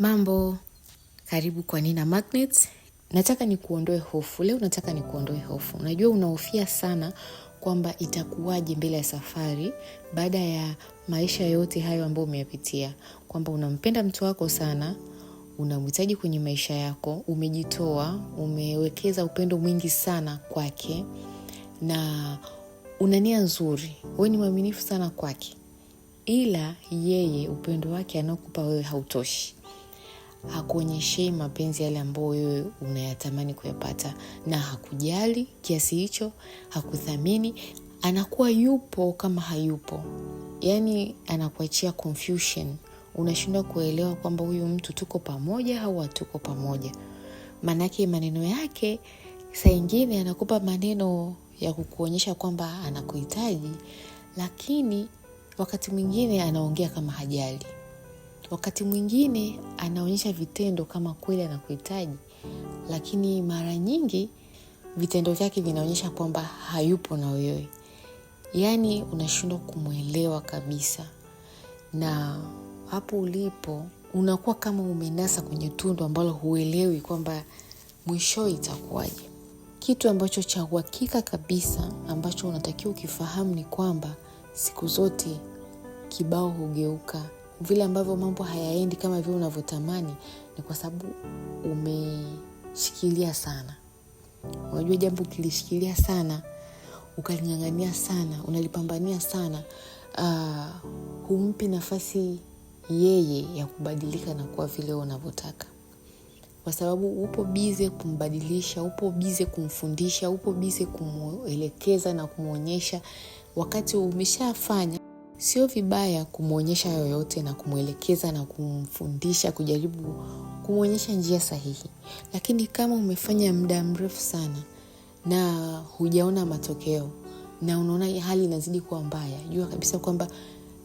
Mambo, karibu kwa Nina Magnet. Nataka nikuondoe hofu leo, nataka nikuondoe hofu. Unajua unahofia sana kwamba itakuwaje mbele ya safari, baada ya maisha yote hayo ambayo umeyapitia, kwamba unampenda mtu wako sana, unamhitaji kwenye maisha yako, umejitoa, umewekeza upendo mwingi sana kwake, na una nia nzuri, wewe ni mwaminifu sana kwake, ila yeye upendo wake anaokupa wewe hautoshi hakuonyeshei mapenzi yale ambayo wewe unayatamani kuyapata, na hakujali kiasi hicho, hakuthamini, anakuwa yupo kama hayupo, yaani anakuachia confusion. Unashindwa kuelewa kwamba huyu mtu tuko pamoja au hatuko pamoja, maanake maneno yake saingine anakupa maneno ya kukuonyesha kwamba anakuhitaji, lakini wakati mwingine anaongea kama hajali. Wakati mwingine anaonyesha vitendo kama kweli anakuhitaji, lakini mara nyingi vitendo vyake vinaonyesha kwamba hayupo na wewe, yaani unashindwa kumwelewa kabisa, na hapo ulipo unakuwa kama umenasa kwenye tundu ambalo huelewi kwamba mwisho itakuwaje. Kitu ambacho cha uhakika kabisa ambacho unatakiwa ukifahamu ni kwamba siku zote kibao hugeuka vile ambavyo mambo hayaendi kama vile unavyotamani ni kwa sababu umeshikilia sana. Unajua, jambo ukilishikilia sana, ukaling'ang'ania sana, unalipambania sana, uh, humpi nafasi yeye ya kubadilika na kuwa vile unavyotaka, kwa sababu upo bize kumbadilisha, upo bize kumfundisha, upo bize kumwelekeza na kumwonyesha, wakati umeshafanya Sio vibaya kumwonyesha yoyote na kumwelekeza na kumfundisha, kujaribu kumwonyesha njia sahihi, lakini kama umefanya muda mrefu sana na hujaona matokeo na unaona hali inazidi kuwa mbaya, jua kabisa kwamba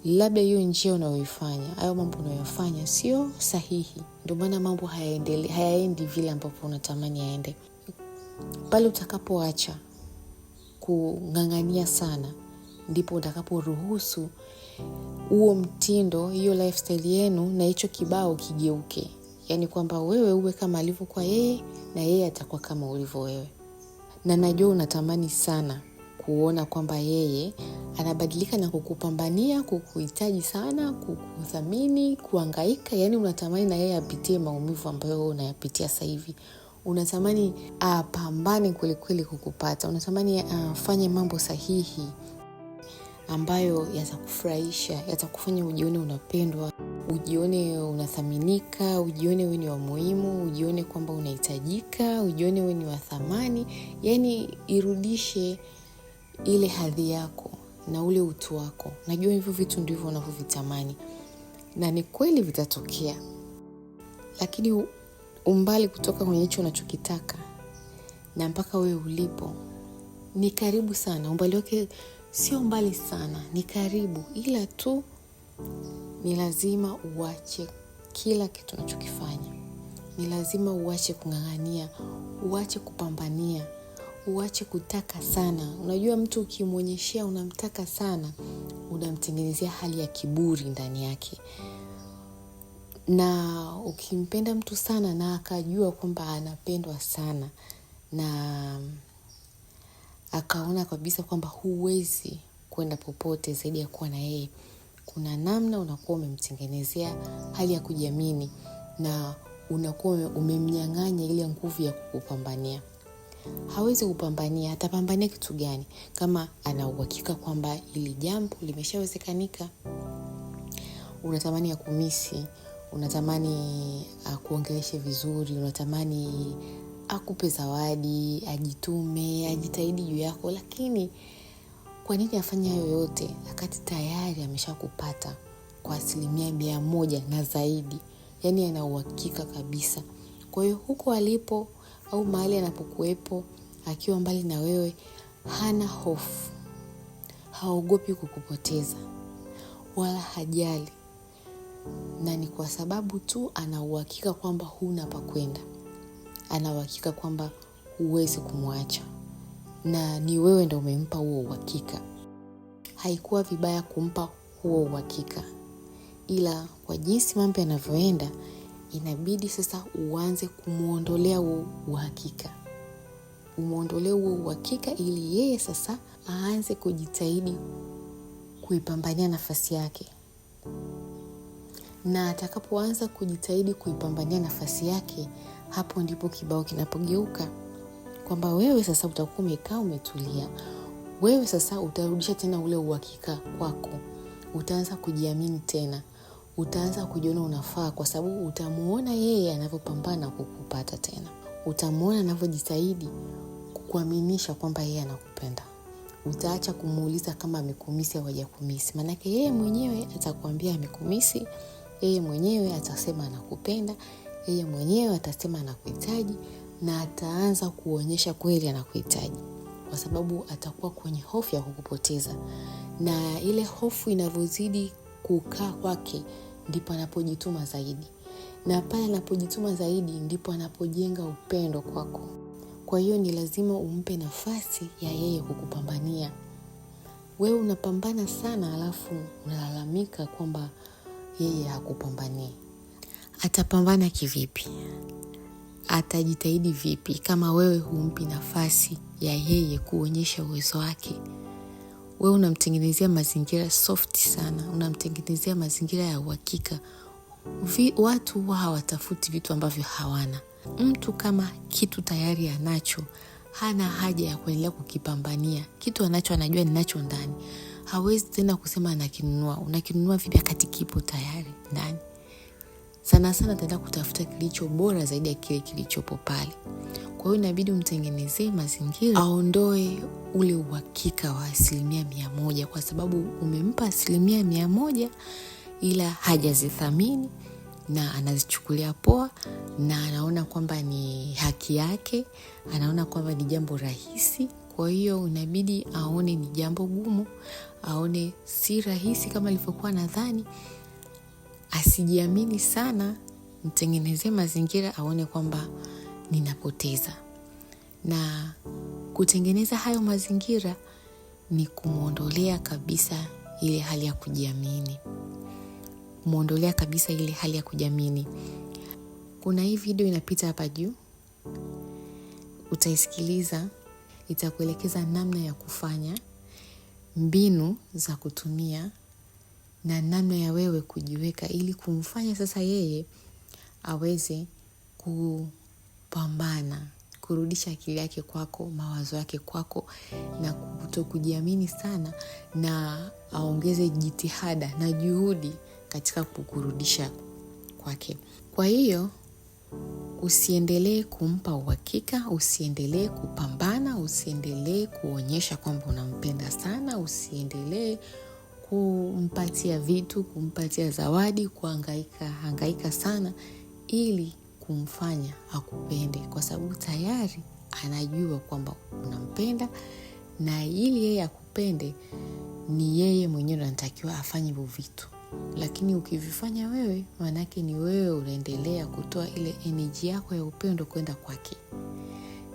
labda hiyo njia unayoifanya, ayo mambo unayofanya sio sahihi. Ndio maana mambo hayaendi, hayaendi vile ambavyo unatamani yaende. Pale utakapoacha kung'ang'ania sana ndipo utakaporuhusu huo mtindo, hiyo lifestyle yenu na hicho kibao kigeuke, yaani kwamba wewe uwe kama alivyokuwa yeye na yeye atakuwa kama ulivyo wewe. Na najua unatamani sana kuona kwamba yeye anabadilika na kukupambania, kukuhitaji sana, kukuthamini, kuangaika. Yani unatamani na yeye apitie maumivu ambayo wewe unayapitia sasa hivi. Unatamani apambane kwelikweli kukupata, unatamani afanye mambo sahihi ambayo yatakufurahisha, yatakufanya ujione unapendwa, ujione unathaminika, ujione we ni wa muhimu, ujione kwamba unahitajika, ujione we ni wa thamani. Yaani irudishe ile hadhi yako na ule utu wako. Najua hivyo vitu ndivyo unavyovitamani, na ni kweli vitatokea, lakini umbali kutoka kwenye hicho unachokitaka na mpaka wewe ulipo ni karibu sana. Umbali wake sio mbali sana, ni karibu, ila tu ni lazima uache kila kitu unachokifanya. Ni lazima uache kung'ang'ania, uache kupambania, uache kutaka sana. Unajua, mtu ukimwonyeshea unamtaka sana, unamtengenezea hali ya kiburi ndani yake, na ukimpenda mtu sana na akajua kwamba anapendwa sana na akaona kabisa kwamba huwezi kwenda popote zaidi ya kuwa na yeye, kuna namna unakuwa umemtengenezea hali ya kujiamini na unakuwa umemnyang'anya ile nguvu ya kukupambania. Hawezi kupambania, atapambania kitu gani kama ana uhakika kwamba ili jambo limeshawezekanika? Unatamani akumisi, unatamani akuongeleshe ah, vizuri, unatamani akupe zawadi, ajitume, ajitahidi juu yako, lakini kwa nini afanya hayo yote wakati tayari ameshakupata kwa asilimia mia moja na zaidi? Yaani ana uhakika kabisa. Kwa hiyo huko alipo au mahali anapokuwepo akiwa mbali na wewe, hana hofu, haogopi kukupoteza wala hajali, na ni kwa sababu tu ana uhakika kwamba huna pakwenda ana uhakika kwamba huwezi kumwacha na ni wewe ndo umempa huo uhakika. Haikuwa vibaya kumpa huo uhakika, ila kwa jinsi mambo yanavyoenda, inabidi sasa uanze kumwondolea huo uhakika, umwondolee huo uhakika ili yeye sasa aanze kujitahidi kuipambania nafasi yake, na atakapoanza kujitahidi kuipambania nafasi yake hapo ndipo kibao kinapogeuka kwamba wewe sasa utakuwa umekaa umetulia, wewe sasa utarudisha tena ule uhakika kwako, utaanza kujiamini tena, utaanza kujiona unafaa, kwa sababu utamwona yeye anavyopambana kukupata tena, utamwona anavyojitahidi kukuaminisha kwamba yeye anakupenda. Utaacha kumuuliza kama amekumisi au hajakumisi, maanake yeye mwenyewe atakuambia amekumisi, yeye mwenyewe atasema anakupenda yeye mwenyewe atasema anakuhitaji na ataanza kuonyesha kweli anakuhitaji kwa sababu atakuwa kwenye hofu ya kukupoteza na ile hofu inavyozidi kukaa kwake ndipo anapojituma zaidi na pale anapojituma zaidi ndipo anapojenga upendo kwako kwa hiyo ni lazima umpe nafasi ya yeye kukupambania wewe unapambana sana alafu unalalamika kwamba yeye hakupambanii atapambana kivipi, atajitahidi vipi kama wewe humpi nafasi ya yeye kuonyesha uwezo wake? Wewe unamtengenezea mazingira soft sana, unamtengenezea mazingira ya uhakika. Watu huwa hawatafuti vitu ambavyo hawana. Mtu kama kitu tayari anacho, hana haja ya kuendelea kukipambania. Kitu anacho anajua ninacho ndani, hawezi tena kusema anakinunua. Unakinunua vipi akati kipo tayari ndani? sana sana ataenda kutafuta kilicho bora zaidi ya kile kilichopo pale. Kwa hiyo inabidi umtengenezee mazingira aondoe ule uhakika wa asilimia mia moja, kwa sababu umempa asilimia mia moja ila hajazithamini na anazichukulia poa na anaona kwamba ni haki yake, anaona kwamba ni jambo rahisi. Kwa hiyo inabidi aone ni jambo gumu, aone si rahisi kama alivyokuwa nadhani asijiamini sana, mtengenezee mazingira aone kwamba ninapoteza, na kutengeneza hayo mazingira ni kumwondolea kabisa ile hali ya kujiamini, kumwondolea kabisa ile hali ya kujiamini. Kuna hii video inapita hapa juu, utaisikiliza, itakuelekeza namna ya kufanya, mbinu za kutumia na namna ya wewe kujiweka ili kumfanya sasa yeye aweze kupambana kurudisha akili yake kwako, mawazo yake kwako, na kutokujiamini sana, na aongeze jitihada na juhudi katika kukurudisha kwake. Kwa hiyo usiendelee kumpa uhakika, usiendelee kupambana, usiendelee kuonyesha kwamba unampenda sana, usiendelee kumpatia vitu, kumpatia zawadi, kuhangaika hangaika sana ili kumfanya akupende, kwa sababu tayari anajua kwamba unampenda na ili yeye akupende ni yeye mwenyewe anatakiwa afanye hivyo vitu, lakini ukivifanya wewe, maanake ni wewe unaendelea kutoa ile eneji yako ya upendo kwenda kwake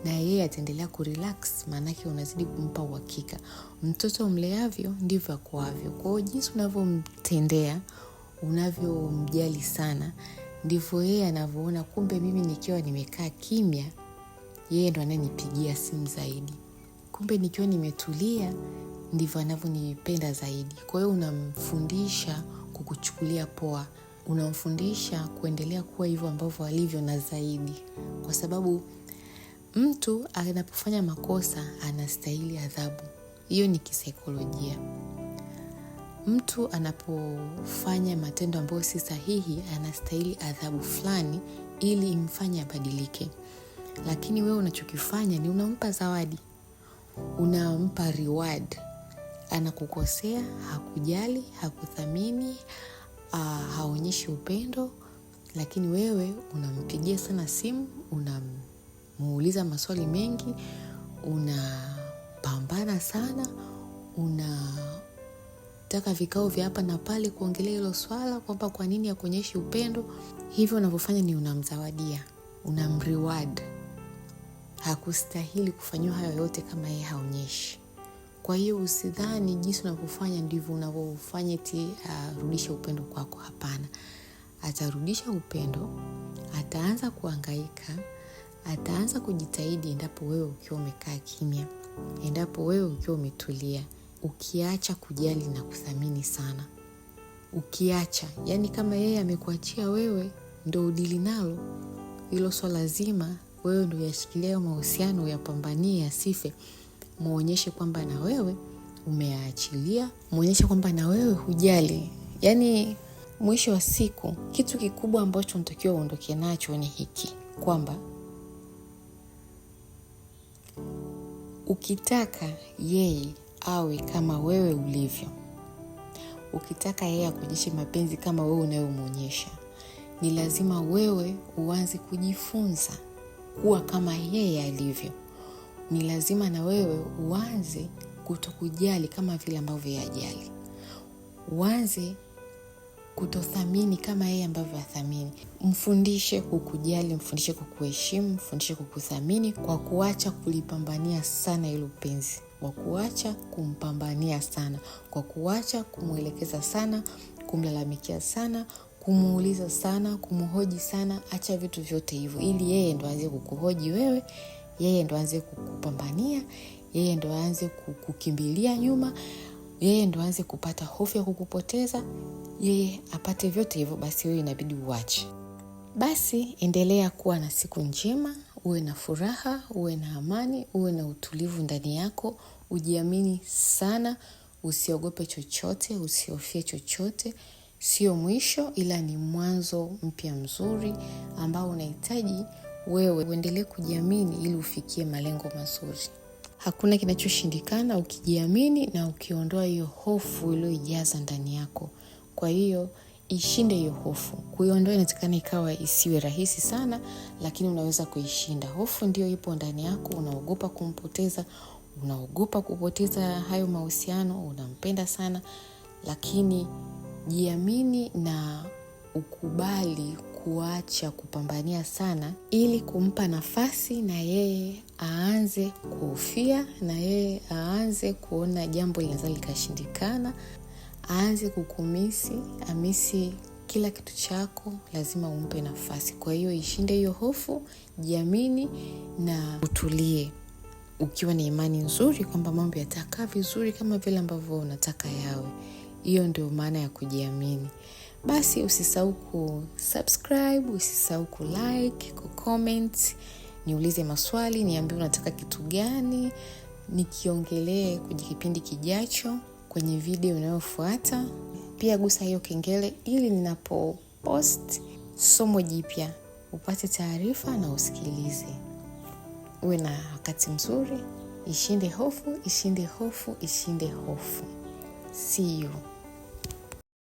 na yeye ataendelea kurelax, maanake unazidi kumpa uhakika. Mtoto mleavyo ndivyo akuavyo. kwao jinsi unavyomtendea, unavyomjali sana, ndivyo yeye anavyoona, kumbe mimi nikiwa nimekaa kimya, yeye ndo ananipigia simu zaidi, kumbe nikiwa nimetulia ndivyo anavyonipenda zaidi. Kwa hiyo unamfundisha kukuchukulia poa, unamfundisha kuendelea kuwa hivyo ambavyo alivyo na zaidi, kwa sababu Mtu anapofanya makosa anastahili adhabu. Hiyo ni kisaikolojia. Mtu anapofanya matendo ambayo si sahihi anastahili adhabu fulani ili imfanye abadilike. Lakini wewe unachokifanya ni unampa zawadi, unampa reward. Anakukosea, hakujali, hakuthamini, ah, haonyeshi upendo, lakini wewe unampigia sana simu, unam umeuliza maswali mengi, unapambana sana, unataka vikao vya hapa na pale kuongelea hilo swala kwamba kwa nini akuonyeshi upendo. Hivyo unavyofanya ni unamzawadia, unamreward. Hakustahili kufanyiwa hayo yote kama yeye haonyeshi. Kwa hiyo usidhani jinsi unavyofanya ndivyo unavyofanya ti arudishe ah, uh, upendo kwako. Hapana, atarudisha upendo, ataanza kuangaika ataanza kujitahidi endapo wewe ukiwa umekaa kimya, endapo wewe ukiwa umetulia, ukiacha kujali na kuthamini sana, ukiacha yani, kama yeye amekuachia wewe ndo udili nalo hilo swala zima, wewe ndo uyashikilia mahusiano, uyapambanie yasife, mwonyeshe kwamba na wewe umeyaachilia, mwonyeshe kwamba na wewe hujali. Yani mwisho wa siku, kitu kikubwa ambacho natakiwa uondoke nacho ni hiki kwamba Ukitaka yeye awe kama wewe ulivyo, ukitaka yeye akuonyeshe mapenzi kama wewe unayomwonyesha, ni lazima wewe uanze kujifunza kuwa kama yeye alivyo. Ni lazima na wewe uanze kutokujali kama vile ambavyo yajali, uanze kutothamini kama yeye ambavyo athamini. Mfundishe kukujali, mfundishe kukuheshimu, mfundishe kukuthamini kwa kuacha kulipambania sana ilo penzi, kwa kuacha kumpambania sana, kwa kuacha kumwelekeza sana, kumlalamikia sana kumuuliza sana, kumhoji sana. Acha vitu vyote hivyo, ili yeye ndo aanze kukuhoji wewe, yeye ndo aanze kukupambania, yeye ndo aanze kukimbilia nyuma yeye ndo aanze kupata hofu ya kukupoteza, yeye apate vyote hivyo, basi wewe inabidi uache. Basi endelea kuwa na siku njema, uwe na furaha, uwe na amani, uwe na utulivu ndani yako, ujiamini sana, usiogope chochote, usiofie chochote. Sio mwisho, ila ni mwanzo mpya mzuri ambao unahitaji wewe uendelee kujiamini ili ufikie malengo mazuri. Hakuna kinachoshindikana ukijiamini na ukiondoa hiyo hofu iliyoijaza ndani yako. Kwa hiyo ishinde hiyo hofu. Kuiondoa inatakana ikawa isiwe rahisi sana, lakini unaweza kuishinda. Hofu ndio ipo ndani yako, unaogopa kumpoteza, unaogopa kupoteza hayo mahusiano, unampenda sana, lakini jiamini na ukubali kuacha kupambania sana, ili kumpa nafasi na yeye aanze kuhofia, na yeye aanze kuona jambo linaweza likashindikana, aanze kukumisi amisi kila kitu chako lazima umpe nafasi. Kwa hiyo ishinde hiyo hofu, jiamini na utulie, ukiwa na imani nzuri kwamba mambo yatakaa vizuri kama vile ambavyo unataka yawe. Hiyo ndio maana ya kujiamini basi usisahau kusubscribe, usisahau kulike, kucomment, niulize maswali, niambie unataka kitu gani nikiongelee kwenye kipindi kijacho, kwenye video inayofuata. Pia gusa hiyo kengele ili ninapopost somo jipya upate taarifa na usikilize. Uwe na wakati mzuri. Ishinde hofu, ishinde hofu, ishinde hofu. See you.